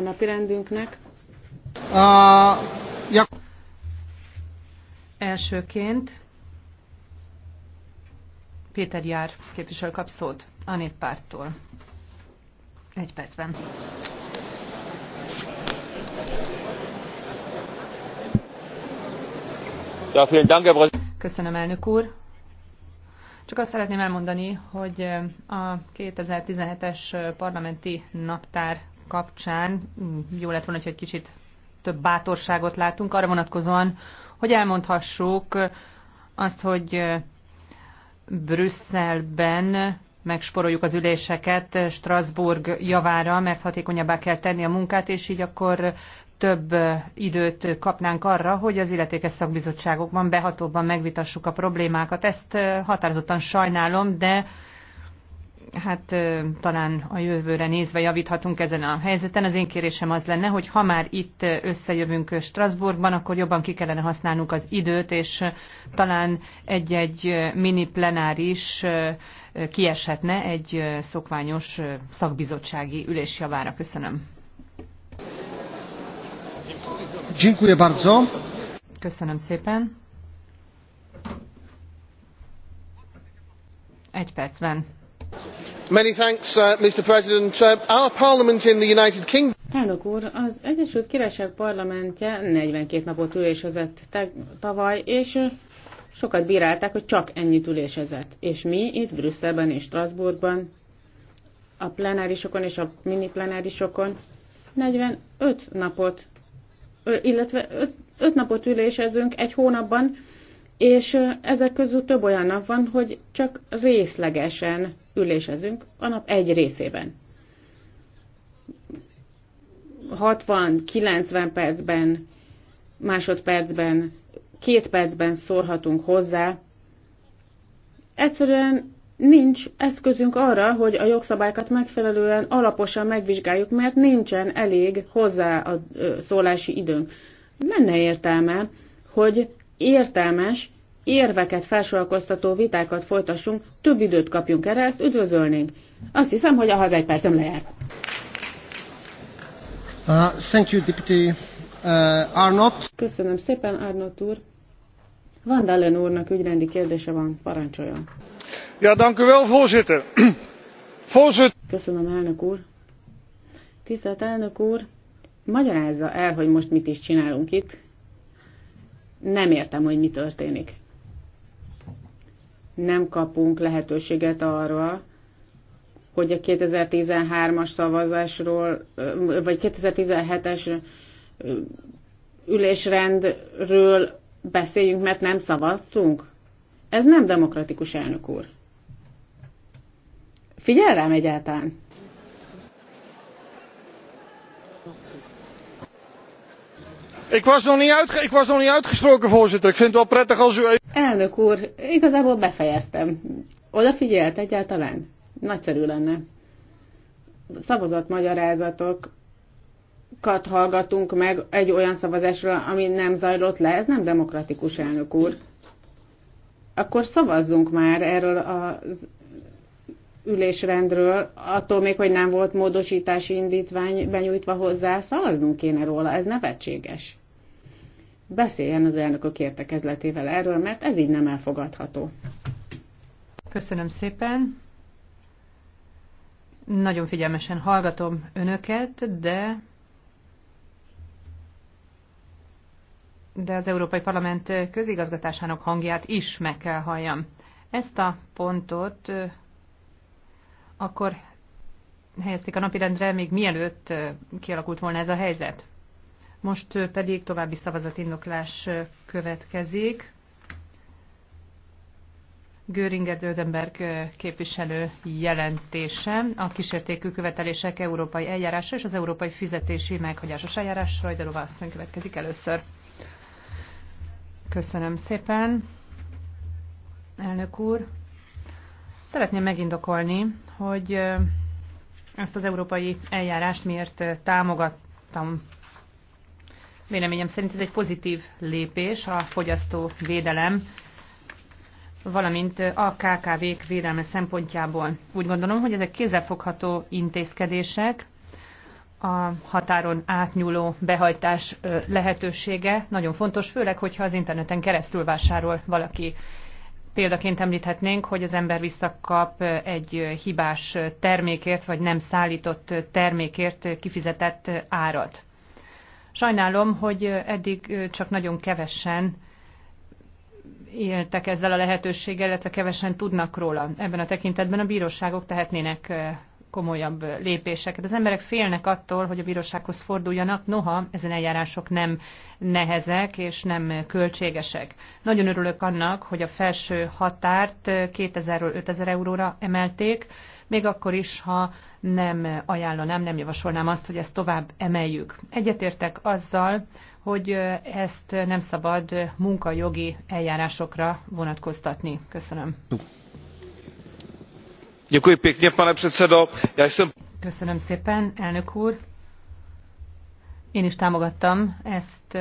a napirendünknek. Uh, ja. Elsőként Péter Jár képviselő kap szót a néppártól. Egy percben. Köszönöm, elnök úr. Csak azt szeretném elmondani, hogy a 2017-es parlamenti naptár kapcsán jó lett volna, hogy egy kicsit több bátorságot látunk arra vonatkozóan, hogy elmondhassuk azt, hogy Brüsszelben megsporoljuk az üléseket Strasbourg javára, mert hatékonyabbá kell tenni a munkát, és így akkor több időt kapnánk arra, hogy az illetékes szakbizottságokban behatóban megvitassuk a problémákat. Ezt határozottan sajnálom, de hát talán a jövőre nézve javíthatunk ezen a helyzeten. Az én kérésem az lenne, hogy ha már itt összejövünk Strasbourgban, akkor jobban ki kellene használnunk az időt, és talán egy-egy mini plenáris kieshetne egy szokványos szakbizottsági ülés javára. Köszönöm. Dziękuję bardzo. Köszönöm szépen. Egy perc van. Elnök úr, az Egyesült Királyság parlamentje 42 napot ülésezett tavaly, és uh, sokat bírálták, hogy csak ennyit ülésezett. És mi itt Brüsszelben és Strasbourgban, a plenárisokon és a mini plenárisokon 45 napot, illetve 5, 5 napot ülésezünk egy hónapban, és ezek közül több olyan nap van, hogy csak részlegesen ülésezünk a nap egy részében. 60-90 percben, másodpercben, két percben szórhatunk hozzá. Egyszerűen nincs eszközünk arra, hogy a jogszabályokat megfelelően alaposan megvizsgáljuk, mert nincsen elég hozzá a szólási időnk. Lenne értelme, hogy értelmes, érveket felsorakoztató vitákat folytassunk, több időt kapjunk erre, ezt üdvözölnénk. Azt hiszem, hogy a haza egy percem lejárt. Uh, thank you, Deputy uh, Arnott. Köszönöm szépen, Arnott úr. Van Dallen úrnak ügyrendi kérdése van, parancsoljon. Ja, dank u wel, voorzitter. voorzitter. Köszönöm, elnök úr. Tisztelt elnök úr, magyarázza el, hogy most mit is csinálunk itt nem értem, hogy mi történik. Nem kapunk lehetőséget arra, hogy a 2013-as szavazásról, vagy 2017-es ülésrendről beszéljünk, mert nem szavaztunk? Ez nem demokratikus elnök úr. Figyel rám egyáltalán? Ik was, nog niet uitge ik was nog niet uitgesproken, voorzitter. Ik vind het wel prettig als u... Elnök úr, igazából befejeztem. Odafigyelt egyáltalán? Nagyszerű lenne. Szavazat magyarázatokat hallgatunk meg egy olyan szavazásról, ami nem zajlott le. Ez nem demokratikus, elnök úr. Akkor szavazzunk már erről az ülésrendről, attól még, hogy nem volt módosítási indítvány benyújtva hozzá, szavaznunk kéne róla, ez nevetséges. Beszéljen az elnökök értekezletével erről, mert ez így nem elfogadható. Köszönöm szépen. Nagyon figyelmesen hallgatom önöket, de de az Európai Parlament közigazgatásának hangját is meg kell halljam. Ezt a pontot akkor helyezték a napirendre, még mielőtt kialakult volna ez a helyzet. Most pedig további szavazatindoklás következik. Göringer Dödenberg képviselő jelentése, a kísértékű követelések európai eljárása és az európai fizetési meghagyásos eljárás. Rajderova asszony következik először. Köszönöm szépen, elnök úr. Szeretném megindokolni, hogy ezt az európai eljárást miért támogattam. Véleményem szerint ez egy pozitív lépés a fogyasztó védelem, valamint a KKV-k védelme szempontjából. Úgy gondolom, hogy ezek kézzelfogható intézkedések, a határon átnyúló behajtás lehetősége nagyon fontos, főleg, hogyha az interneten keresztül vásárol valaki példaként említhetnénk, hogy az ember visszakap egy hibás termékért, vagy nem szállított termékért kifizetett árat. Sajnálom, hogy eddig csak nagyon kevesen éltek ezzel a lehetőséggel, illetve kevesen tudnak róla. Ebben a tekintetben a bíróságok tehetnének komolyabb lépéseket. Az emberek félnek attól, hogy a bírósághoz forduljanak, noha ezen eljárások nem nehezek és nem költségesek. Nagyon örülök annak, hogy a felső határt 2000-ről 5000 euróra emelték, még akkor is, ha nem ajánlanám, nem javasolnám azt, hogy ezt tovább emeljük. Egyetértek azzal, hogy ezt nem szabad munkajogi eljárásokra vonatkoztatni. Köszönöm pane předsedající én is támogattam ezt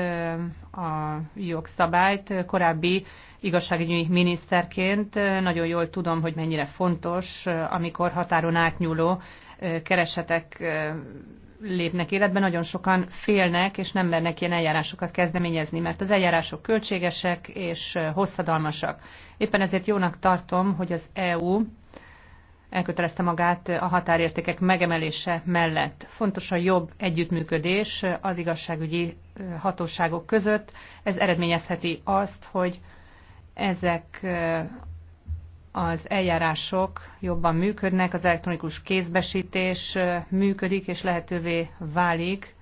a jogszabályt korábbi igazságügyi miniszterként. Nagyon jól tudom, hogy mennyire fontos, amikor határon átnyúló keresetek lépnek életbe, nagyon sokan félnek, és nem mernek ilyen eljárásokat kezdeményezni, mert az eljárások költségesek és hosszadalmasak. Éppen ezért jónak tartom, hogy az EU elkötelezte magát a határértékek megemelése mellett. Fontos a jobb együttműködés az igazságügyi hatóságok között. Ez eredményezheti azt, hogy ezek az eljárások jobban működnek, az elektronikus kézbesítés működik és lehetővé válik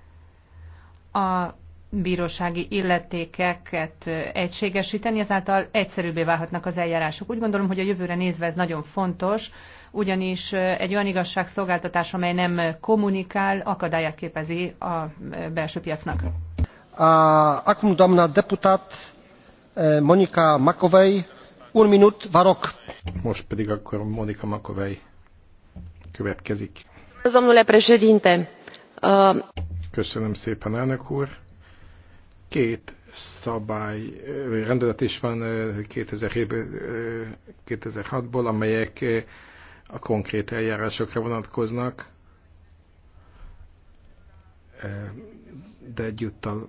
a bírósági illetékeket egységesíteni, ezáltal egyszerűbbé válhatnak az eljárások. Úgy gondolom, hogy a jövőre nézve ez nagyon fontos, ugyanis egy olyan igazságszolgáltatás, amely nem kommunikál, akadályát képezi a belső piacnak. akum doamna deputat e, Monika Makovej, úr minut, varok. Most pedig akkor Monika Makovej következik. Köszönöm szépen, elnök úr. Két szabály, rendelet is van 2006-ból, amelyek a konkrét eljárásokra vonatkoznak, de egyúttal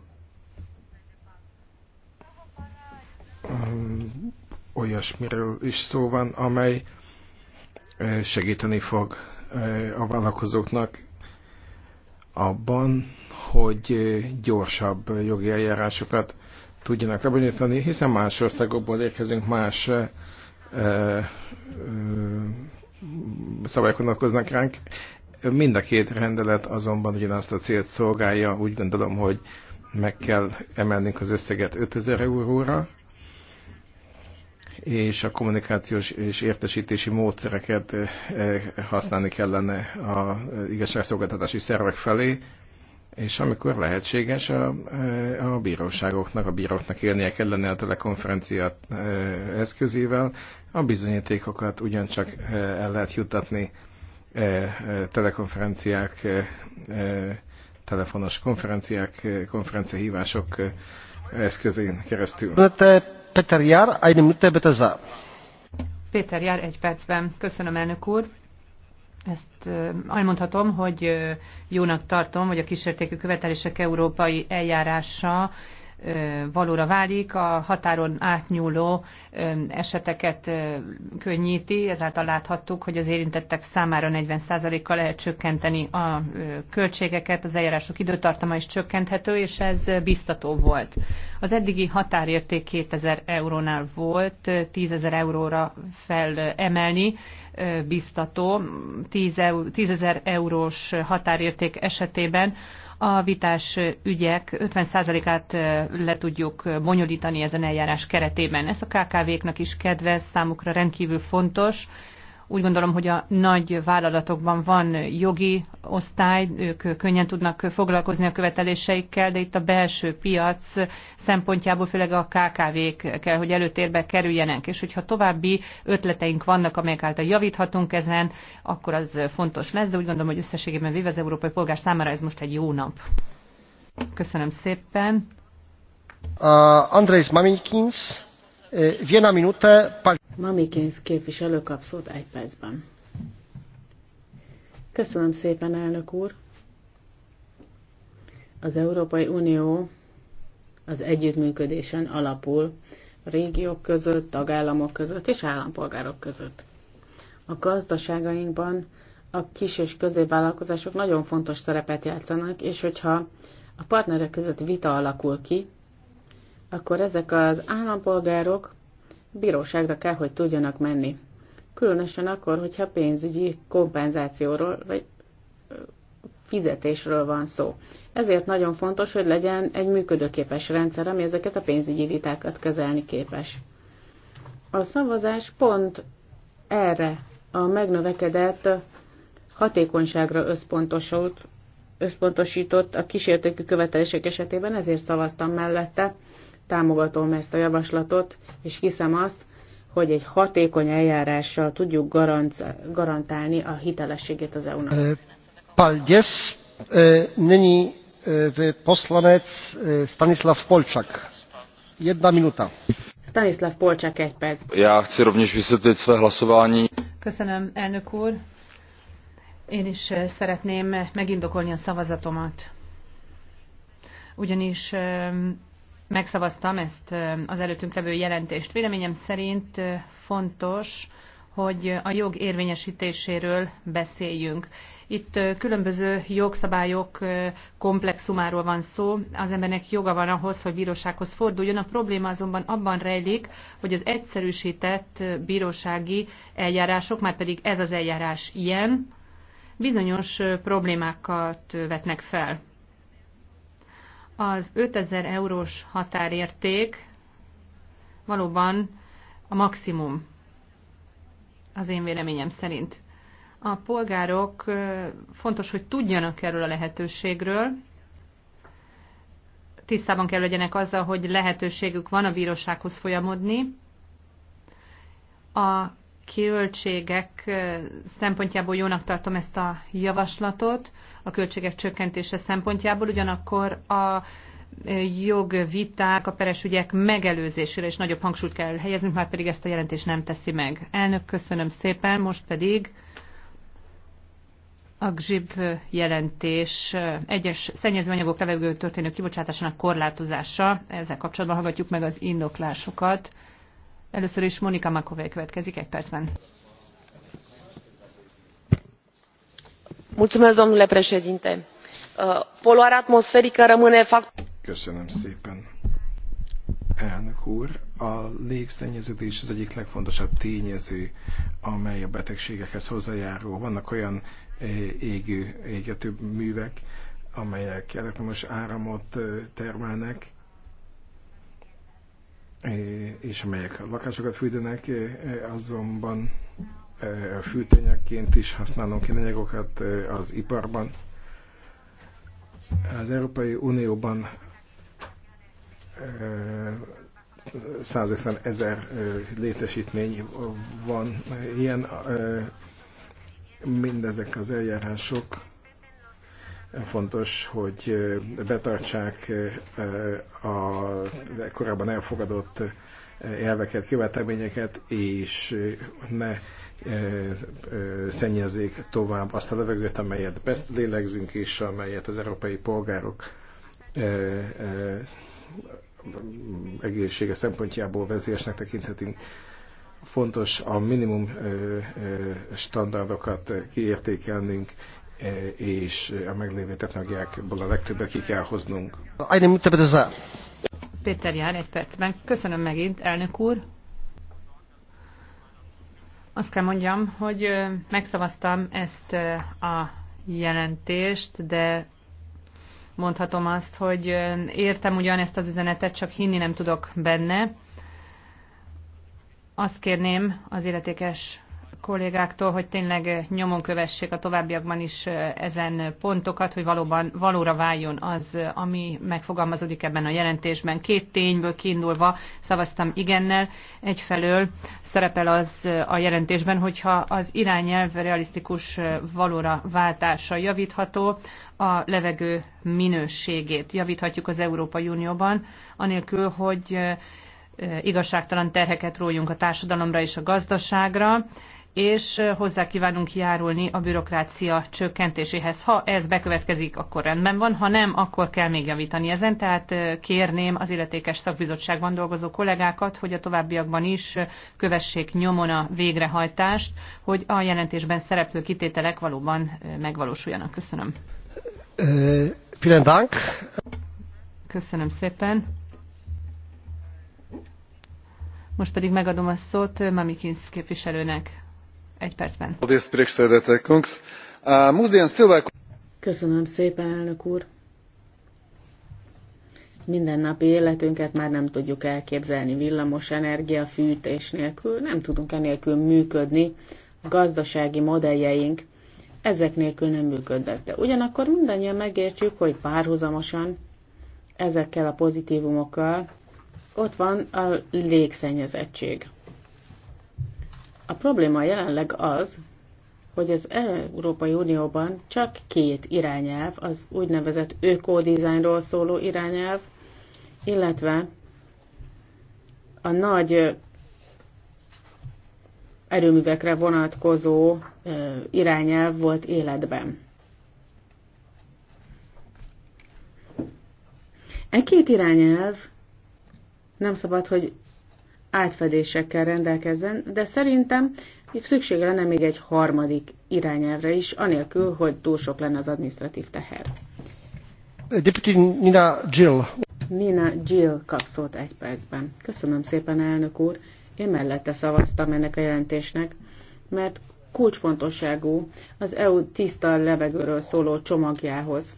olyasmiről is szó van, amely segíteni fog a vállalkozóknak abban, hogy gyorsabb jogi eljárásokat tudjanak lebonyolítani, hiszen más országokból érkezünk, más ö, ö, szabályok vonatkoznak ránk. Mind a két rendelet azonban ugyanazt a célt szolgálja, úgy gondolom, hogy meg kell emelnünk az összeget 5000 euróra, és a kommunikációs és értesítési módszereket használni kellene az igazságszolgáltatási szervek felé, és amikor lehetséges, a, eh, a bíróságoknak, a bíróknak élnie kellene a telekonferencia eh, eszközével, a bizonyítékokat ugyancsak eh, el lehet juttatni telekonferenciák, telefonos konferenciák, konferenciahívások eszközén keresztül. Péter Jár, egy Péter Jár, egy percben. Köszönöm, elnök úr. Ezt elmondhatom, hogy jónak tartom, hogy a kísértékű követelések európai eljárása valóra válik, a határon átnyúló eseteket könnyíti, ezáltal láthattuk, hogy az érintettek számára 40%-kal lehet csökkenteni a költségeket, az eljárások időtartama is csökkenthető, és ez biztató volt. Az eddigi határérték 2000 eurónál volt, 10 ezer euróra felemelni, biztató, 10 ezer eurós határérték esetében a vitás ügyek 50%-át le tudjuk bonyolítani ezen eljárás keretében. Ez a KKV-knak is kedvez, számukra rendkívül fontos, úgy gondolom, hogy a nagy vállalatokban van jogi osztály, ők könnyen tudnak foglalkozni a követeléseikkel, de itt a belső piac szempontjából főleg a KKV-k kell, hogy előtérbe kerüljenek. És hogyha további ötleteink vannak, amelyek által javíthatunk ezen, akkor az fontos lesz, de úgy gondolom, hogy összességében véve az európai polgár számára ez most egy jó nap. Köszönöm szépen. Uh, Andrész Mamikins. Eh, viena minute... képviselő kap szót egy percben. Köszönöm szépen, elnök úr. Az Európai Unió az együttműködésen alapul a régiók között, tagállamok között és állampolgárok között. A gazdaságainkban a kis és középvállalkozások nagyon fontos szerepet játszanak, és hogyha a partnerek között vita alakul ki, akkor ezek az állampolgárok bíróságra kell, hogy tudjanak menni. Különösen akkor, hogyha pénzügyi kompenzációról vagy fizetésről van szó. Ezért nagyon fontos, hogy legyen egy működőképes rendszer, ami ezeket a pénzügyi vitákat kezelni képes. A szavazás pont erre a megnövekedett hatékonyságra összpontosult, összpontosított a kísértékű követelések esetében, ezért szavaztam mellette, támogatom ezt a javaslatot, és hiszem azt, hogy egy hatékony eljárással tudjuk garantálni a hitelességét az EU-nak. Eh, Paldies. Eh, nyní eh, poslanec Stanislav Polčak. Jedna minuta. Stanislav Polčak, egy perc. Já chci rovněž vysvětlit své hlasování. Köszönöm, elnök úr. Én is szeretném megindokolni a szavazatomat. Ugyanis megszavaztam ezt az előttünk levő jelentést. Véleményem szerint fontos, hogy a jog érvényesítéséről beszéljünk. Itt különböző jogszabályok komplexumáról van szó, az embernek joga van ahhoz, hogy bírósághoz forduljon. A probléma azonban abban rejlik, hogy az egyszerűsített bírósági eljárások, már pedig ez az eljárás ilyen, bizonyos problémákat vetnek fel az 5000 eurós határérték valóban a maximum, az én véleményem szerint. A polgárok fontos, hogy tudjanak erről a lehetőségről, tisztában kell legyenek azzal, hogy lehetőségük van a bírósághoz folyamodni. A költségek szempontjából jónak tartom ezt a javaslatot, a költségek csökkentése szempontjából, ugyanakkor a jogviták, a peres ügyek megelőzésére is nagyobb hangsúlyt kell helyeznünk, már pedig ezt a jelentést nem teszi meg. Elnök, köszönöm szépen, most pedig a GZIB jelentés egyes szennyezőanyagok levegőből történő kibocsátásának korlátozása. Ezzel kapcsolatban hallgatjuk meg az indoklásokat. Először is Monika Makovej következik egy percben. Mulțumesc, domnule președinte. Uh, poluarea atmosferică rămâne factor... Köszönöm szépen. Elnök úr, a légszennyeződés az egyik legfontosabb tényező, amely a betegségekhez hozzájárul. Vannak olyan eh, égő, égető művek, amelyek elektromos áramot eh, termelnek, és amelyek lakásokat fűtenek, azonban fűtényekként is használunk ki anyagokat az iparban. Az Európai Unióban 150 ezer létesítmény van ilyen, mindezek az eljárások fontos, hogy betartsák a korábban elfogadott elveket, követelményeket, és ne szennyezzék tovább azt a levegőt, amelyet lélegzünk, és amelyet az európai polgárok egészsége szempontjából vezélyesnek tekinthetünk. Fontos a minimum standardokat kiértékelnünk, és a meglévő technológiákból a legtöbbet ki kell hoznunk. Péter jár egy percben. Köszönöm megint, elnök úr. Azt kell mondjam, hogy megszavaztam ezt a jelentést, de mondhatom azt, hogy értem ugyan ezt az üzenetet, csak hinni nem tudok benne. Azt kérném az életékes kollégáktól, hogy tényleg nyomon kövessék a továbbiakban is ezen pontokat, hogy valóban valóra váljon az, ami megfogalmazódik ebben a jelentésben. Két tényből kiindulva szavaztam igennel. Egyfelől szerepel az a jelentésben, hogyha az irányelv realisztikus valóra váltása javítható, a levegő minőségét javíthatjuk az Európai Unióban, anélkül, hogy igazságtalan terheket rójunk a társadalomra és a gazdaságra, és hozzá kívánunk járulni a bürokrácia csökkentéséhez. Ha ez bekövetkezik, akkor rendben van, ha nem, akkor kell még javítani ezen. Tehát kérném az illetékes szakbizottságban dolgozó kollégákat, hogy a továbbiakban is kövessék nyomon a végrehajtást, hogy a jelentésben szereplő kitételek valóban megvalósuljanak. Köszönöm. Köszönöm szépen. Most pedig megadom a szót Mamikinsz képviselőnek. Egy percben. Köszönöm szépen, elnök úr. Mindennapi életünket már nem tudjuk elképzelni villamos energia, fűtés nélkül, nem tudunk enélkül működni. A gazdasági modelljeink ezek nélkül nem működnek. De ugyanakkor mindannyian megértjük, hogy párhuzamosan ezekkel a pozitívumokkal ott van a légszennyezettség. A probléma jelenleg az, hogy az Európai Unióban csak két irányelv, az úgynevezett ökodizájnról szóló irányelv, illetve a nagy erőművekre vonatkozó irányelv volt életben. E két irányelv nem szabad, hogy átfedésekkel rendelkezzen, de szerintem szükség lenne még egy harmadik irányelvre is, anélkül, hogy túl sok lenne az administratív teher. Deputy Nina Jill. Nina Jill kap szót egy percben. Köszönöm szépen, elnök úr. Én mellette szavaztam ennek a jelentésnek, mert kulcsfontosságú az EU tiszta levegőről szóló csomagjához.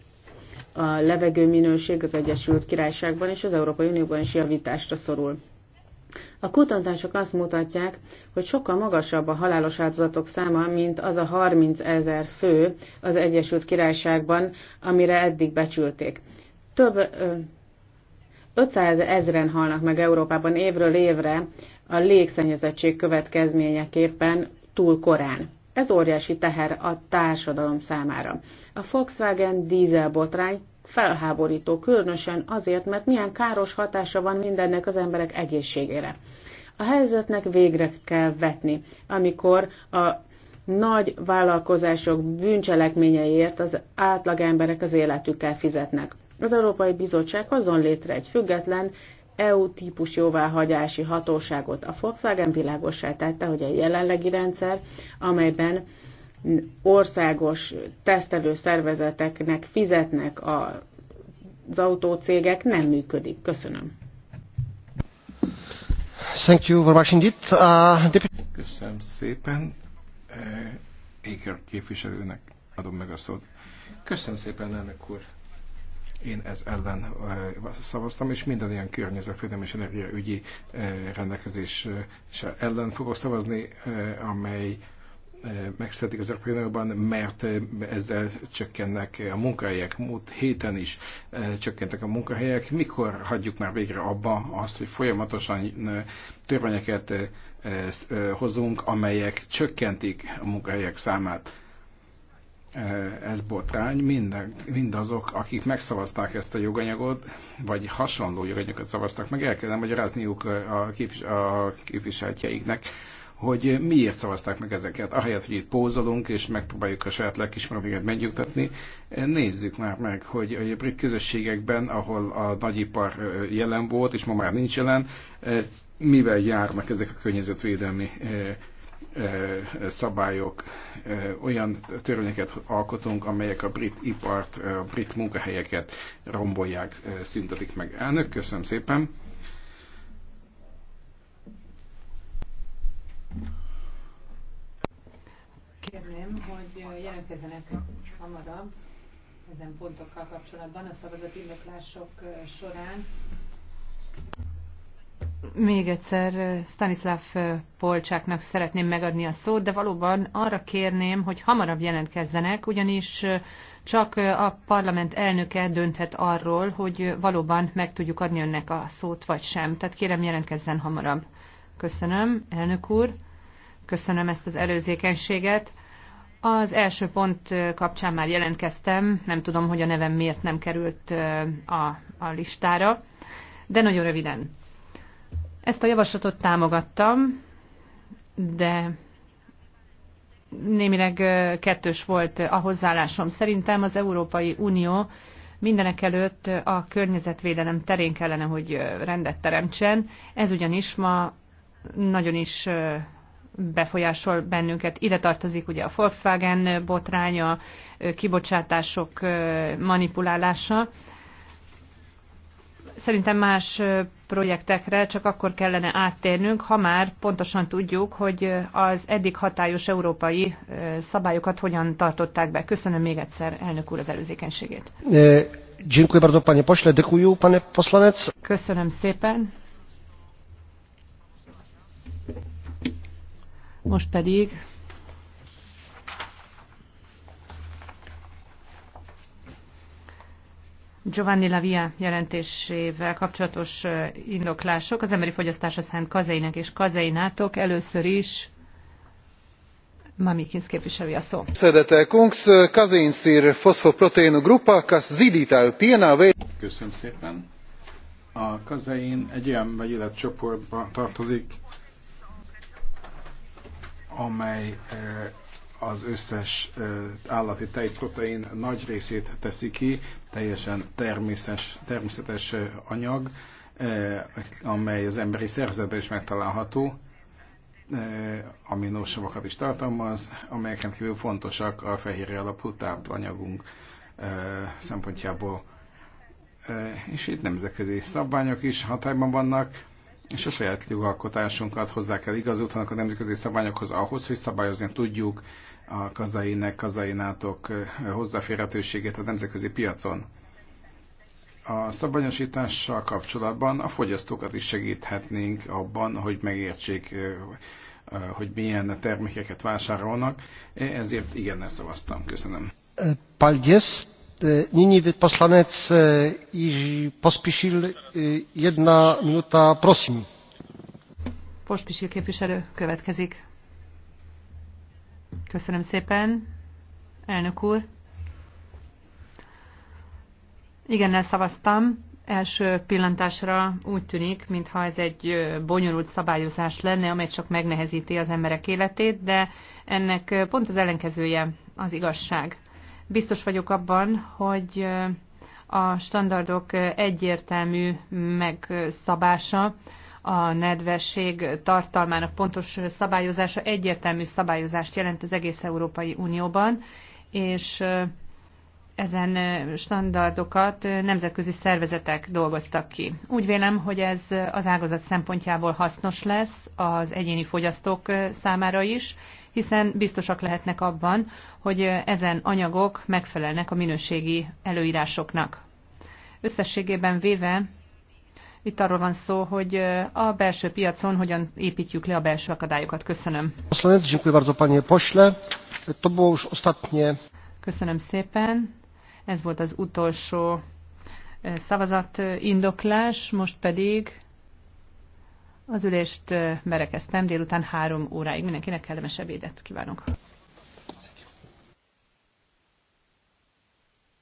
A levegő minőség az Egyesült Királyságban és az Európai Unióban is javításra szorul. A kutatások azt mutatják, hogy sokkal magasabb a halálos áldozatok száma, mint az a 30 ezer fő az Egyesült Királyságban, amire eddig becsülték. Több 500 ezeren halnak meg Európában évről évre a légszennyezettség következményeképpen túl korán. Ez óriási teher a társadalom számára. A Volkswagen dízelbotrány felháborító, különösen azért, mert milyen káros hatása van mindennek az emberek egészségére. A helyzetnek végre kell vetni, amikor a nagy vállalkozások bűncselekményeiért az átlagemberek az életükkel fizetnek. Az Európai Bizottság hozzon létre egy független EU-típus jóváhagyási hatóságot. A Volkswagen világosá tette, hogy a jelenlegi rendszer, amelyben országos tesztelő szervezeteknek fizetnek a, az autócégek, nem működik. Köszönöm. Thank you for watching it, Uh, Köszönöm szépen. Eh, Éker képviselőnek adom meg a szót. Köszönöm szépen, elnök úr. Én ez ellen eh, szavaztam, és minden ilyen környezetvédelmi és energiaügyi eh, rendelkezés ellen fogok szavazni, amely megszedik az Európai Unióban, mert eh, ezzel csökkennek a munkahelyek. Múlt héten is eh, csökkentek a munkahelyek. Mikor hagyjuk már végre abba azt, hogy folyamatosan eh, törvényeket hozunk, amelyek csökkentik a munkahelyek számát? Ez botrány, minden, mindazok, akik megszavazták ezt a joganyagot, vagy hasonló joganyagot szavaztak meg, el kellene magyarázniuk a, képvis, a képviseltjeiknek, hogy miért szavazták meg ezeket. Ahelyett, hogy itt pózolunk és megpróbáljuk a saját lelkismeretünket megnyugtatni, nézzük már meg, hogy a brit közösségekben, ahol a nagyipar jelen volt, és ma már nincs jelen, mivel járnak ezek a környezetvédelmi szabályok, olyan törvényeket alkotunk, amelyek a brit ipart, a brit munkahelyeket rombolják, szüntetik meg. Elnök, köszönöm szépen! kérném, hogy jelentkezzenek hamarabb ezen pontokkal kapcsolatban a szavazati indoklások során. Még egyszer Stanislav Polcsáknak szeretném megadni a szót, de valóban arra kérném, hogy hamarabb jelentkezzenek, ugyanis csak a parlament elnöke dönthet arról, hogy valóban meg tudjuk adni önnek a szót, vagy sem. Tehát kérem, jelentkezzen hamarabb. Köszönöm, elnök úr. Köszönöm ezt az előzékenységet. Az első pont kapcsán már jelentkeztem, nem tudom, hogy a nevem miért nem került a, a listára, de nagyon röviden. Ezt a javaslatot támogattam, de némileg kettős volt a hozzáállásom. Szerintem az Európai Unió mindenek előtt a környezetvédelem terén kellene, hogy rendet teremtsen. Ez ugyanis ma nagyon is befolyásol bennünket. Ide tartozik ugye a Volkswagen botránya, kibocsátások manipulálása. Szerintem más projektekre csak akkor kellene áttérnünk, ha már pontosan tudjuk, hogy az eddig hatályos európai szabályokat hogyan tartották be. Köszönöm még egyszer, elnök úr, az előzékenységét. E, Köszönöm szépen. Most pedig Giovanni Lavia jelentésével kapcsolatos indoklások az emberi fogyasztásra szánt kazeinek és kazeinátok. Először is Mamikins képviselője a szó. Köszönöm szépen. A kazein egy ilyen vegyület csoportba tartozik, amely eh, az összes eh, állati tejprotein nagy részét teszi ki, teljesen természetes, természetes eh, anyag, amely az emberi szerzetben is megtalálható, aminósavakat is tartalmaz, amelyek rendkívül fontosak a fehérje alapú táplanyagunk szempontjából. És itt nemzetközi szabványok is hatályban vannak, és a saját jogalkotásunkat hozzá kell igazítanak a nemzetközi szabályokhoz ahhoz, hogy szabályozni tudjuk a kazainek, kazainátok hozzáférhetőségét a nemzetközi piacon. A szabványosítással kapcsolatban a fogyasztókat is segíthetnénk abban, hogy megértsék, hogy milyen termékeket vásárolnak, ezért igennel szavaztam. Köszönöm. Uh, E, nyní poslanec e, pospíšil e, jedna minuta prosím. Pospíšil képviselő következik. Köszönöm szépen, elnök úr. Igennel szavaztam. Első pillantásra úgy tűnik, mintha ez egy bonyolult szabályozás lenne, amely csak megnehezíti az emberek életét, de ennek pont az ellenkezője az igazság Biztos vagyok abban, hogy a standardok egyértelmű megszabása, a nedvesség tartalmának pontos szabályozása egyértelmű szabályozást jelent az egész Európai Unióban, és ezen standardokat nemzetközi szervezetek dolgoztak ki. Úgy vélem, hogy ez az ágazat szempontjából hasznos lesz az egyéni fogyasztók számára is, hiszen biztosak lehetnek abban, hogy ezen anyagok megfelelnek a minőségi előírásoknak. Összességében véve itt arról van szó, hogy a belső piacon hogyan építjük le a belső akadályokat. Köszönöm. Köszönöm szépen. Ez volt az utolsó szavazat indoklás, most pedig az ülést merekeztem délután három óráig. Mindenkinek kellemes ebédet kívánok.